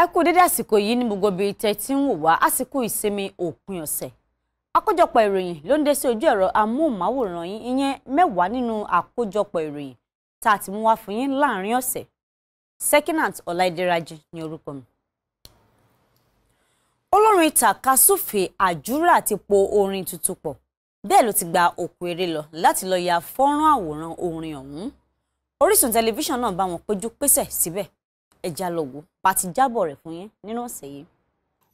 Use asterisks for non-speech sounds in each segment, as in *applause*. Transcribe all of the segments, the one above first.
ẹ kú dédé àsìkò yìí ní gbogbo ibi tẹ́ ti ń wò wá àsìkò ìsinmi òpin ọ̀sẹ̀ àkójọpọ̀ ìròyìn ló ń dé sí ojú ẹ̀rọ amóhùnmáwòrán yín ìyẹn mẹ́wàá nínú àkójọpọ̀ ìròyìn tá a ti mú wá fún yín láàrin ọ̀sẹ̀ Sekinat Ọláìdéraji ní orúkọ mi. olórin takasúfè àjúrà ti po orin tuntun pọ̀ bẹ́ẹ̀ ló ti gba òkú eré lọ láti lọ́ọ́ ya fọ́nrán àwòrán orin ọ̀hún Orísun tẹlifíṣàn náà bá wọn péjú pésẹ̀ síbẹ̀ ẹja lọ́wọ́ bá ti jábọ̀ rẹ̀ fún yín nínú ọ̀sẹ̀ yìí.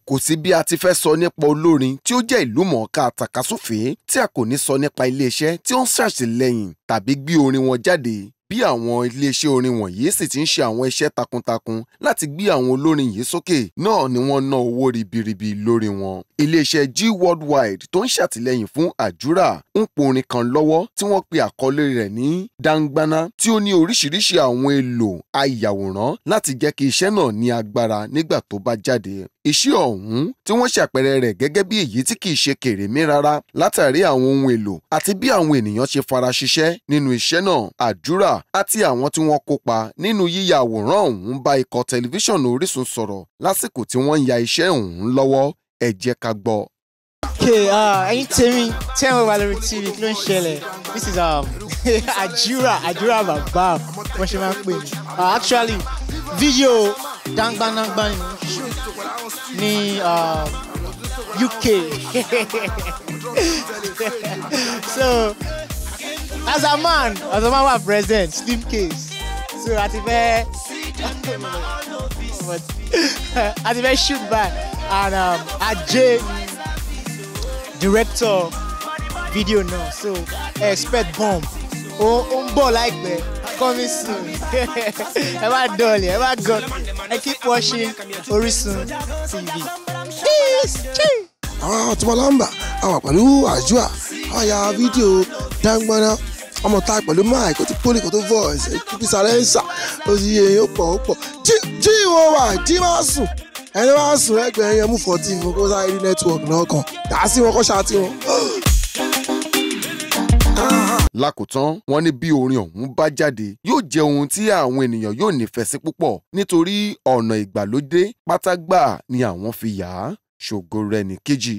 kò sí bí a ti fẹ́ sọ nípa olórin tí ó jẹ́ ìlú mọ̀ọ́ká àtàkásùfé tí a kò ní sọ nípa iléeṣẹ́ tí ó ń ṣàtìlẹ́yìn tàbí gbé orin wọn jáde bí àwọn iléeṣẹ́ orin wọ̀nyí sì ti ń ṣe àwọn iṣẹ́ takuntakun láti gbé àwọn olórin yìí sókè náà ni wọ́n ná owó ribiribi lórí wọn. iléeṣẹ́ G Worldwide tó ń ṣàtìlẹ́yìn fún àjúrà ń porin kan lọ́wọ́ tí wọ́n pe àkọlé rẹ̀ ní dangbana tí ó ní oríṣiríṣi àwọn èlò ayàwòrán láti jẹ́ kí iṣẹ́ náà ní agbára nígbà tó bá jáde. iṣẹ́ ọ̀hún tí wọ́n ṣàpẹẹrẹ rẹ̀ gẹ́gẹ́ bí èyí tí kì í ṣe kèrèmí rárá látàrí àwọn ohun èlò àti bí àwọn ènìyàn ṣe fara ṣiṣẹ́ nínú iṣẹ́ náà àjúrà àti àwọn tí wọ́n kópa nínú yíya àwòrán ọ̀hún bá ikọ̀ tẹlifíṣàn Orísun sọ̀rọ̀ lásìkò tí wọ́n ń ya iṣẹ́ ọ̀hún lọ́wọ́ ẹ jẹ́ ká gbọ́. Ah, ẹ̀yin tèmi tẹ́ ẹ wà lórí tv kí ló ń ṣẹlẹ̀ this is um, *laughs* àjúrà àjúrà bàbá wọ́n ṣe máa ń pè mí ah, actually video, dáńgbánágbá ni mo ń ṣe ní UK um, *laughs* so as a man as a man wa present slim case so a ti fẹ́ a shoot back and um, ajay director video now. so expect bomb ó ń bọ̀ láìpẹ́ coming soon ẹ má dọ̀lẹ̀ ẹ má gọ̀ ẹ keep watching Orisun TV. àwọn ọ̀túnmọ̀ ah, lọ́mbà àwọn pẹ̀lú àjọ àyà fídíò dáńgbọ́nà ọmọ ta pẹ̀lú mike ó ti pólì kó tó voice kúkú sàlẹ́nsà ó ti yé pọ̀ ó pọ̀ jí jí wà jí máa sùn ẹni máa sùn ẹgbẹ̀rún yẹn mú fọ́tí fún kó sáré network náà dà sí wọn kó ṣáàtì wọn. lákòótán wọn ní bí orin ọ̀hún bá jáde yóò jẹ́ ohun tí àwọn ènìyàn yóò nífẹ̀ẹ́ sí púpọ̀ nítorí ọ̀nà ìgbàlódé pátágbà ni àwọn fi yà á ṣògo rẹ̀ ní kejì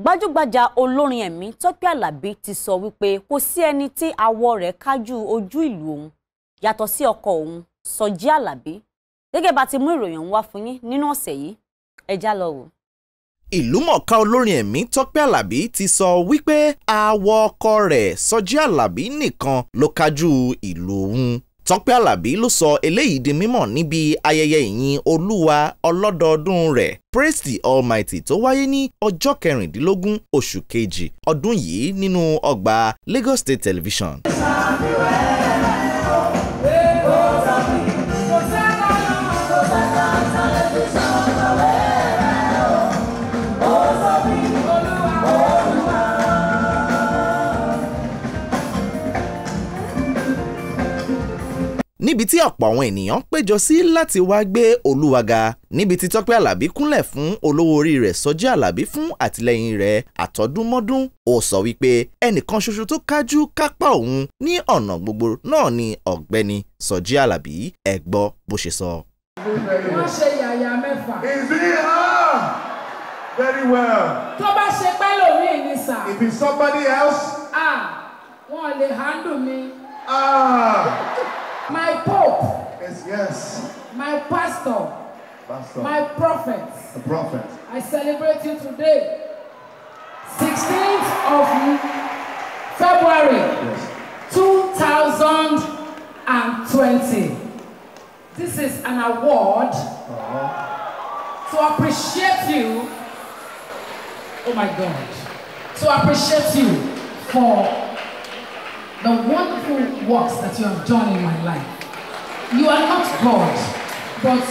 gbajúgbajà olórin ẹ̀mí Tọ́pẹ́ Àlàbí ti sọ wípé kò sí ẹni tí awọ rẹ̀ kájú ojú ìlú òun yàtọ̀ sí ọkọ òun Sọjí Àlàbí gẹ́gẹ́ bá ti mú ìròyìn wá fún yín nínú ọ̀sẹ̀ yìí ẹ já lọ wò ìlúmọ̀ọ́ká olórin ẹ̀mí Tọ́pẹ́ Àlàbí ti sọ wípé àwọ̀ ọkọ rẹ̀ Sọjí Àlàbí nìkan ló kájú ìlú òun Tọ́pẹ́ Àlàbí ló sọ eléyìí di mímọ̀ níbi ayẹyẹ ìyìn Olúwa ọlọ́dọọdún rẹ̀ Praise the Almighty tó wáyé ní ọjọ́ kẹrìndínlógún oṣù kejì ọdún yìí nínú ọgbà Lagos State Television. níbi tí ọ̀pọ̀ àwọn ènìyàn péjọ sí láti wá gbé Olúwa níbi tí Tọ́pẹ́ Àlàbí kúnlẹ̀ fún olówó orí rẹ̀ Sọjí Àlàbí fún àtìlẹ́yìn rẹ̀ àtọdúnmọ́dún ó sọ wípé ẹnìkan ṣoṣo tó kájú kápá òun ní ọ̀nà gbogbo náà ni ọ̀gbẹ́ni Sọjí Àlàbí ẹ gbọ́ bó ṣe sọ. wọ́n ṣe yàyà mẹ́fà. ìzíhà very well. tó bá ṣe pẹ́ lómi ni sà. if it's somebody else. ah wọn ò lè handle me? ah. My Pope. Yes, yes. My pastor. Pastor. My prophet. The prophet. I celebrate you today. 16th of February yes. 2020. This is an award uh -huh. to appreciate you. Oh my God. To appreciate you for the wonderful works that you have done in my life. You are not God, but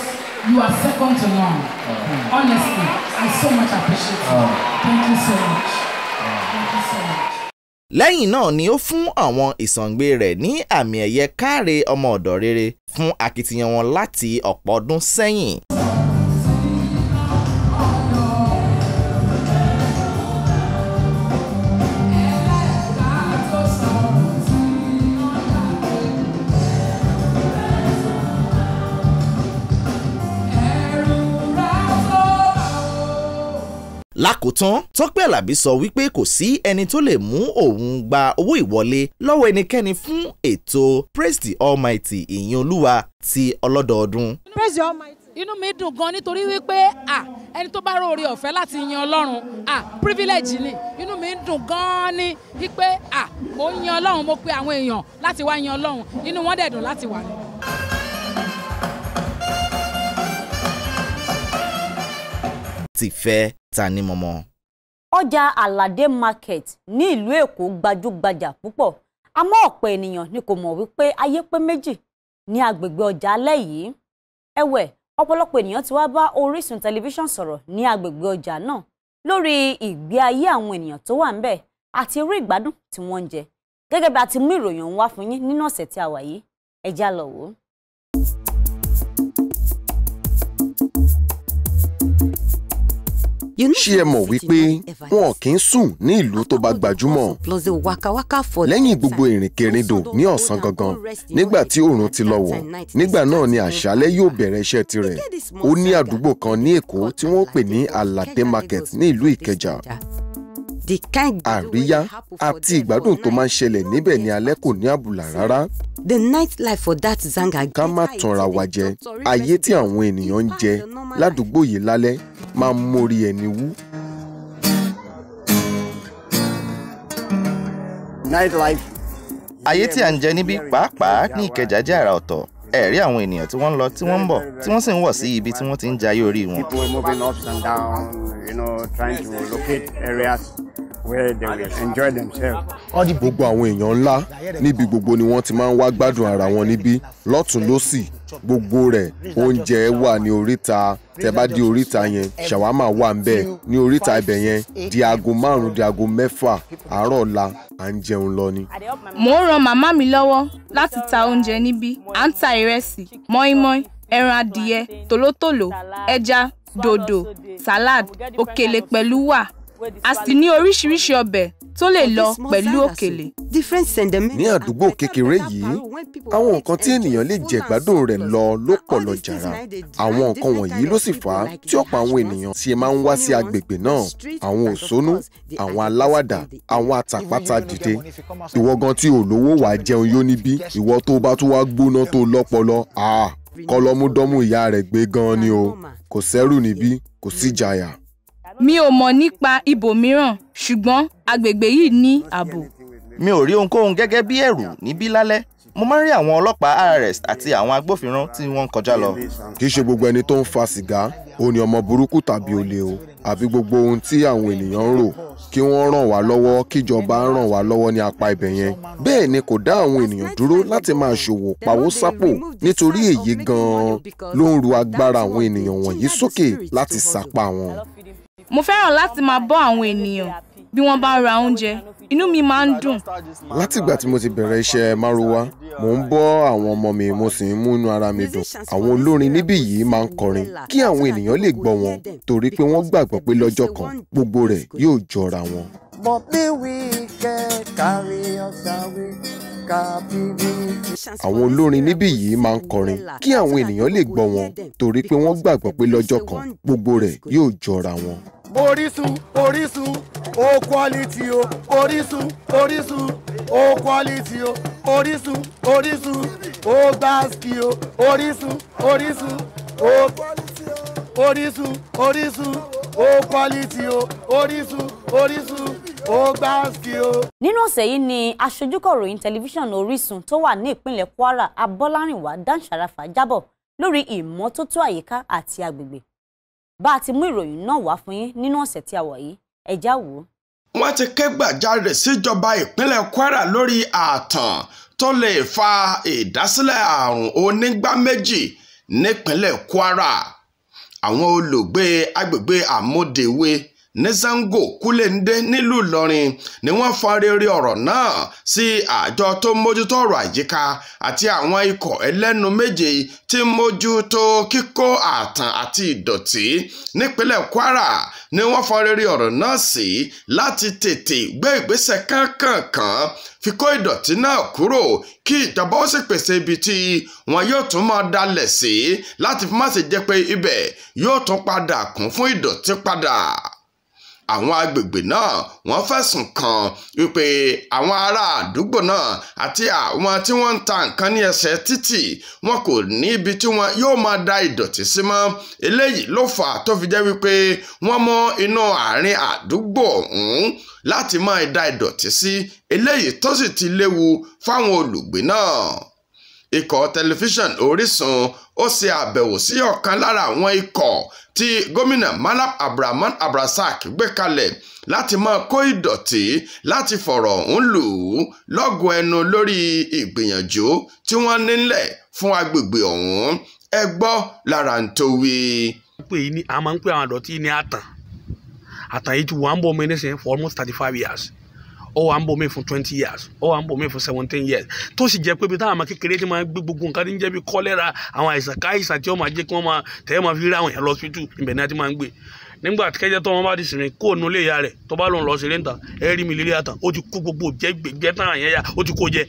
you are second to none. Okay. Honestly, I so much appreciate you. Oh. Thank you so much. Thank you so much. lẹ́yìn náà ni ó fún àwọn ìsàngbé rẹ̀ ní àmì ẹ̀yẹ káre ọmọ ọ̀dọ̀ rere fún akitiyan wọn láti ọ̀pọ̀ ọdún sẹ́yìn. lákòótán Tọ́pẹ́ Àlàbí sọ wípé kò sí ẹni tó lè mú òun gba owó ìwọlé lọ́wọ́ ẹnikẹ́ni fún ètò praise the almighty ìyìn olúwa ti ọlọ́dọọdún. praise the almighty inú mi dùn gan nítorí wípé à ẹni tó bá róore ọ̀fẹ́ láti yan ọlọ́run à privilege ni inú mi dùn gan ni wípé à mo ń yan ọlọ́run mo pe àwọn èèyàn láti wá yan ọlọ́run inú wọn dẹ̀ dùn láti wà ní. ti fẹ́ ta ní mọ́mọ́. ọjà aládé market ní ìlú èkó gbajúgbajà púpọ̀ àmọ́ ọ̀pọ̀ ènìyàn ni kò mọ̀ wípé ayé pé méjì ní agbègbè ọjà alẹ́ yìí ẹ̀wẹ̀ ọ̀pọ̀lọpọ̀ ènìyàn ti wá bá Orísun tẹlifíṣàn sọ̀rọ̀ ní agbègbè ọjà náà lórí ìgbé ayé àwọn ènìyàn tó wà ńbẹ̀ àti irú ìgbádùn tí wọ́n ń jẹ gẹ́gẹ́ bí a ti mú ìròyìn ọ̀hún wá fún yín nínú ọ̀sẹ̀ tí a wà yìí ẹ já lọ wò ó. ṣé ẹ mọ̀ wípé wọn kì í sùn ní ìlú tó bá gbajúmọ̀ lẹ́yìn gbogbo ìrìnkèrindò ní ọ̀sán gangan nígbà tí oòrùn ti lọ wọ̀ nígbà náà ni àṣálẹ́ yóò bẹ̀rẹ̀ iṣẹ́ tirẹ̀ ó ní àdúgbò kan ní Èkó tí wọ́n pè ní Alade Market ní ìlú Ìkẹjà àríyá àti ìgbádùn tó máa ń ṣẹlẹ̀ níbẹ̀ ní alẹ́ kò ní àbùlà rárá. the night life for that zanga. ká má tanra wa jẹ ayé tí àwọn ènìyàn ń jẹ ládùúgbò yìí lálẹ́ máa mórí ẹni wú. ayé tí à ń jẹ níbí pàápàá ní Ìkẹjà jẹ́ àrà ọ̀tọ̀ ẹ̀rí àwọn ènìyàn tí wọ́n ń lọ tí wọ́n ń bọ̀ tí wọ́n sì ń wọ̀ sí ibi tí wọ́n ti ń jayé orí wọn where they will enjoy themselves. gbogbo àwọn èèyàn ńlá níbi gbogbo ni wọ́n ti máa ń wá gbádùn ara wọn níbí lọ́tún lọ́sì gbogbo rẹ̀ oúnjẹ wà ní oríta tẹ bá di oríta yẹn shawama wà ń bẹ ní oríta ibẹ̀ yẹn di aago márùn di aago mẹ́fà àárọ̀ ọ̀la à ń jẹun lọ ni. mò ń ran màmá mi lọ́wọ́ láti ta oúnjẹ níbí à ń ta ìrẹsì mọ́ínmọ́ín ẹran adìyẹ tòlótòló ẹja dòdò salad òkèlè pẹ̀lú wà As sì ní oríṣiríṣi ọbẹ̀ tó lè lọ pẹ̀lú òkèlè. ní àdúgbò kékeré yìí àwọn nǹkan tí ènìyàn lè jẹ gbádùn rẹ̀ lọ ló pọ̀ lọ jàrá àwọn nǹkan wọ̀nyí ló sì fà á tí ọ̀pọ̀ àwọn ènìyàn ṣe máa ń wá sí agbègbè náà àwọn òṣónú àwọn aláwàdà àwọn àtàpátá dìde ìwọ gan tí ò lówó wàá jẹun yó níbí ìwọ tó bá tún wá gbóná tó lọ́pọlọ kọlọmúdọ́mú ìyá rẹ̀ gbé gan ni o kò sẹ́rù níbí kò sí jàyà mi ò mọ̀ nípa ibòmíràn ṣùgbọ́n agbègbè yìí ní ààbò. mi ò rí ohunkóhun gẹ́gẹ́ bí ẹ̀rù níbí lálẹ́ mo máa ń rí àwọn ọlọ́pàá RRS àti àwọn agbófinró tí wọ́n ń kọjá lọ. kì í ṣe gbogbo ẹni tó ń fa sìgá ó ní ọmọ burúkú tàbí olè o àbí gbogbo ohun tí àwọn ènìyàn ń rò kí wọ́n ràn wá lọ́wọ́ kíjọba ràn wá lọ́wọ́ ní apá ibẹ̀ yẹn. bẹ́ẹ̀ ni kò dá àwọn ènìyàn dúró láti máa ṣòwò pawó sápò nítorí èyí gan-an ló ń ru agbára àwọn ènìyàn wọ̀nyí sókè láti sapá wọn mo fẹ́ràn láti máa bọ́ àwọn ènìyàn bí wọ́n bá ń ra oúnjẹ inú mi máa ń dùn. látìgbà tí mo ti bẹ̀rẹ̀ iṣẹ́ márúwá mò ń bọ́ àwọn ọmọ mi mo sì ń múnú ara mi dùn àwọn olórin níbí yìí máa ń kọrin kí àwọn ènìyàn lè gbọ́ wọn torí pé wọ́n gbàgbọ́ pé lọ́jọ́ kan gbogbo rẹ̀ yóò jọra wọn. but be wicked carry us away àwọn olórin níbí yìí máa ń kọrin kí àwọn ènìyàn lè gbọ́ wọn torí pé wọ́n gbàgbọ́ pé lọ́jọ́ kan gbogbo rẹ̀ yóò jọra wọn. Orísun Orísun o quality o Orísun Orísun o quality o Orísun Orísun o gbaski o Orísun Orísun o Orísun Orísun o quality o Orísun Orísun ó gbá o. nínú ọ̀sẹ̀ yìí ni aṣojúkọ̀ròyìn tẹlifíṣàn Orísun tó wà ní ìpínlẹ̀ Kwara Abọ́lárìnwá Dan Sharafa jábọ̀ lórí ìmọ́tótó àyíká àti agbègbè bá a ti mú ìròyìn náà wá fún yín nínú ọ̀sẹ̀ tí a wà yìí ẹ já wò ó. wọ́n ti ké gbàjarè síjọba ìpínlẹ̀ Kwara lórí ààtàn tó lè fa ìdásílẹ̀ àrùn onígbá méjì nípínlẹ̀ Kwara àwọn olùgbé agbègbè àmódewé ní Zango Kúlẹ̀ndé nílùú Ìlọrin ni wọ́n fa rere ọ̀rọ̀ náà sí àjọ tó ń mójútó ọ̀rọ̀ àyíká àti àwọn ikọ̀ ẹlẹ́nu méje tí ń mójútó kíkó ààtàn àti ìdọ̀tí nípínlẹ̀ Kwara ni wọ́n fa rere ọ̀rọ̀ náà sí láti tètè gbé ìgbésẹ̀ kankankan fi kó ìdọ̀tí náà kúrò kí ìjọba ó sì pèsè ibi tí wọn yóò tún máa dalẹ̀ sí láti fi má ṣe jẹ́ pé ibẹ̀ yóò tún padà kún fún ìdọ̀tí padà àwọn agbègbè náà wọ́n fẹ̀sùn kàn wípé àwọn ará àdúgbò náà àti àwọn tí wọ́n ń ta nǹkan ní ẹsẹ̀ títì wọn kò ní ibi tí wọn yóò máa da ìdọ̀tí sí mọ́ eléyìí ló fà á tó fi jẹ́ wípé wọ́n mọ inú àárín àdúgbò ọ̀hún láti máa da ìdọ̀tí sí eléyìí tó sì ti léwu fáwọn olùgbé náà ikọ̀ tẹlifíṣàn Orísun ó ṣe àbẹ̀wò sí ọ̀kan lára àwọn ikọ̀ tí gómìnà Malam Abrahman Abrasak gbé kalẹ̀ láti máa kó ìdọ̀tí láti fọ̀rọ̀ ọ̀hún lù ú lọ́gùn ẹnu lórí ìgbìyànjú tí wọ́n nílẹ̀ fún agbègbè ọ̀hún ẹ gbọ́ lára ń tó wí. a máa ń pè àwọn àdọ̀tí ní àtàn àtàn yìí ti wà ń bọ̀ ọmọ ẹni sẹ́yìn for almost thirty five years ó wà ń bò mí fún twenty years ó wà ń bò mí fún seventeen years tó sì jẹ́ pé bí táwọn ọmọ kékeré ti máa gbé gbogbo nǹkan tí ń jẹ́ bí kọ́lẹ́ra àwọn àìsàn káìsàn tí wọ́n máa jẹ́ kí wọ́n máa tẹ́ máa fi rí àwọn yẹn lọ síbítù ibẹ̀ ni a ti máa ń gbé nígbà kẹjẹ tó wọn bá ti sinmi kó nu ilé ìyá rẹ tó bá lòun lọ sí ilé ń tàn ẹ rí mi lílé àtàn ó ti kó gbogbo jẹ gbẹgbẹ tán àyẹn yá ó ti kó jẹ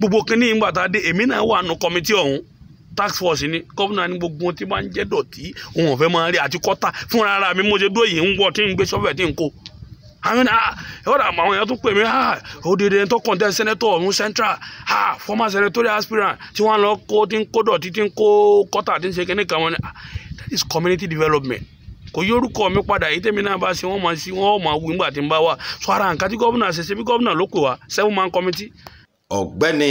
gbogbo kínní ìgbà tá a dé èmi náà wà nù kọmitì ọ̀hún task force ni gómìnà ni gbogbo tí máa ń jẹ́ dọ̀tí òun ò fẹ́ máa rí àti kọ́ta fúnra ara mi mo ṣe dóyè ń wọ tí ń gbé sọ́fẹ̀ tí ń kó àwọn ah, ọ̀dà àwọn èèyàn tún pè mí òdìdí ah, tó kọ̀ǹtẹ́ sẹ́nẹ́tọ̀ ọ̀hún central ah, former senatorial aspirant tí wọ́n lọ kó tí ń kó dọ̀tí tí ń kó kọ́tà tí ń ṣe kíní kan wọn ni that is community development kò yí orúkọ mi padà èyí tèmi náà bá ṣe wọ́n máa ṣe wọ́n máa wí nígbà tí ń bá wà so ara nǹkan tí gómìnà ṣe bí gómìnà ló pè wá seven man committee. ọ̀gbẹ́ni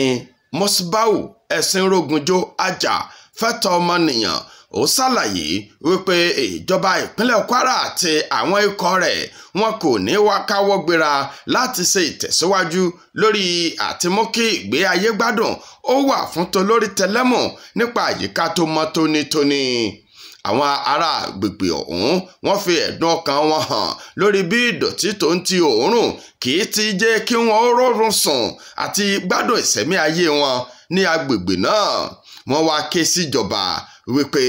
mosbau ẹ̀sìn rogunjo ajá fẹ́tọ̀ ọmọnìyàn ó ṣàlàyé wípé ìjọba ìpínlẹ̀ Kwara àti àwọn ikọ̀ rẹ̀ wọn kò ní wá káwọ́ gbéra láti ṣe ìtẹ̀síwájú lórí àtimúkí ìgbé ayé gbádùn ó wà fún tolórí tẹlẹ́mù nípa àyíká tó mọ́ tónítóní àwọn ará agbègbè ọ̀hún wọ́n fi ẹ̀dùn ọkàn wọn hàn lórí bí ìdọ̀tí tó ń ti òórùn kì í ti jẹ́ kí wọ́n rọrùn sùn àti gbádùn ìṣẹ̀mí ayé wọn ní agbègbè náà wọ́n wá ké síjọba si wípé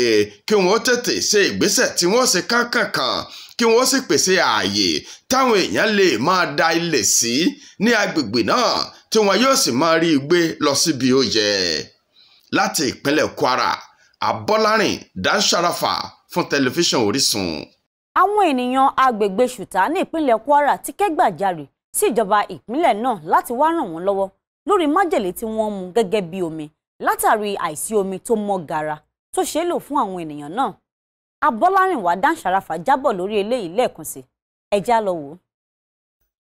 kí wọ́n tètè ṣe ìgbésẹ̀ tí wọ́n ṣe kánkànkàn kí wọ́n sì pèsè ààyè táwọn èèyàn lè máa da ilé sí ní agbègbè náà tí wọn yóò sì máa rí i gbé lọ síbi ó yẹ láti ìpínlẹ̀ Kwara Abọ́lárìn Dáńsáráfà fún tẹlifíṣàn Orísun. àwọn ènìyàn agbègbè ṣùtá ní ìpínlẹ̀ Kwara ti kẹ́gbàjarè sí ìjọba ìpínlẹ̀ náà láti wá ràn wọ́n lọ́wọ́ lórí májèlé tí wọ́n mu gẹ́gẹ́ bí omi látàrí àìsí omi tó mọ́ gara tó ṣeé lò fún àwọn ènìyàn náà abọ́lárìnwá dáńsáráfà jábọ̀ lórí eléyìí lẹ́ẹ̀kan sí ẹjá lọ wò ó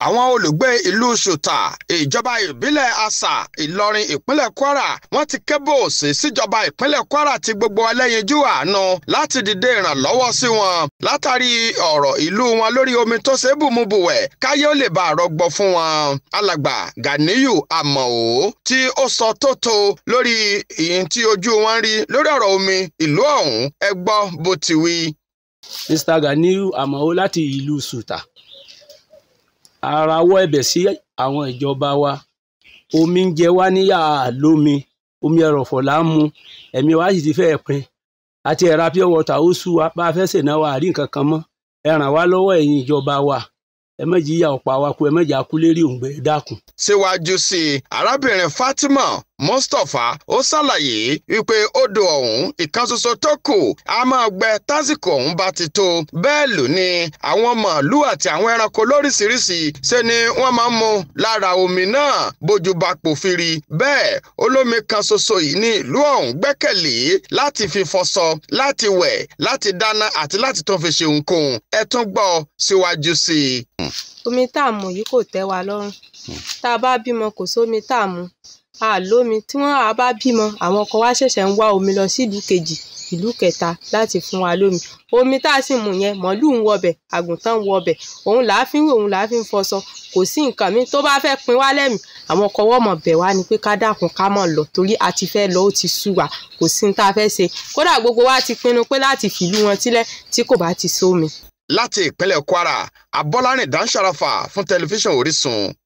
àwọn olùgbé ìlú ṣùtà ìjọba ìbílẹ̀ àṣà ìlọrin ìpínlẹ̀ kwara wọ́n ti ké bòòsì síjọba ìpínlẹ̀ kwara ti gbogbo ẹlẹ́yinjú àánú láti dìde ìrànlọ́wọ́ sí wọn látàrí ọ̀rọ̀ ìlú wọn lórí omi tó ṣe é bùmúbùwẹ̀ káyé ó lè bá a rọgbọ fún wọn. alàgbà ganiyu amọ̀ọ́ tí ó sọ tó tó lórí ìyìn tí ojú wọn rí lórí ọ̀rọ̀ omi ìlú ọ̀hún ẹ bó ti wí. mr ganiyu amọ̀ọ́ láti ìlú ṣùtà arawọ́ ẹ̀bẹ̀ sí àwọn ìjọba wa omi ń jẹ wá níyà lómi omi ẹ̀rọ̀fọ̀ là ń mu ẹ̀mí wa sì ti fẹ́ẹ̀ pin àti ẹ̀ra pure water ó sú wa bá a fẹ́ sè náà wa àrí nǹkan kan mọ́ ẹ ràn wá lọ́wọ́ ẹ̀yin ìjọba wa ẹ má jí ọ̀pá wa kú ẹ má jà lérí òǹgbẹ dákun. síwájú sí i arábìnrin Fatima mustapha ó ṣàlàyé wípé odò ọ̀hún ìkan ṣoṣo tó kù a máa gbẹ tásìkò ọ̀hún bá ti tó bẹ́ẹ̀ lù ni àwọn màálù àti àwọn ẹranko lóríṣiríṣi ṣe ni wọ́n máa ń mu lára omi náà bójú bá pòfiri bẹ́ẹ̀ olómi kan ṣoṣo yìí ní ìlú ọ̀hún gbẹ́kẹ̀lé láti fi fọṣọ láti wẹ̀ láti dáná àti láti tó fi ṣe nǹkan ẹ tún gbọ́ síwájú sí i. omi tá a mọ̀ yìí kò tẹ́ wa lọ́rùn hmm. tá a bá bímọ kò sómi tá a mu a lómi tí wọ́n a bá bímọ àwọn ọkọ wa ṣẹ̀ṣẹ̀ ń wá omi lọ sílùú kejì ìlú kẹta láti fún wa lómi omi tá a sì mú yẹn màálùú ń wọbẹ̀ àgùntàn ń wọbẹ̀ òun là á fi ń wẹ̀ òun là á fi ń fọṣọ kò sí nǹkan mi tó bá fẹ́ pin wá lẹ́mìí àwọn ọkọ wọ́mọ̀ bẹ̀ wá ni pé ká dákun ká mọ̀ lọ torí a ti fẹ́ lọ ó ti sú wa kò sí ní tá a fẹ́ ṣe kódà gbogbo wa ti pinnu pé láti fìlú wọn sílẹ̀ tí kò bá ti sómi. láti ìpínlẹ̀ Kwara Abọ́lárìn Dan fún tẹlifíṣàn Orísun.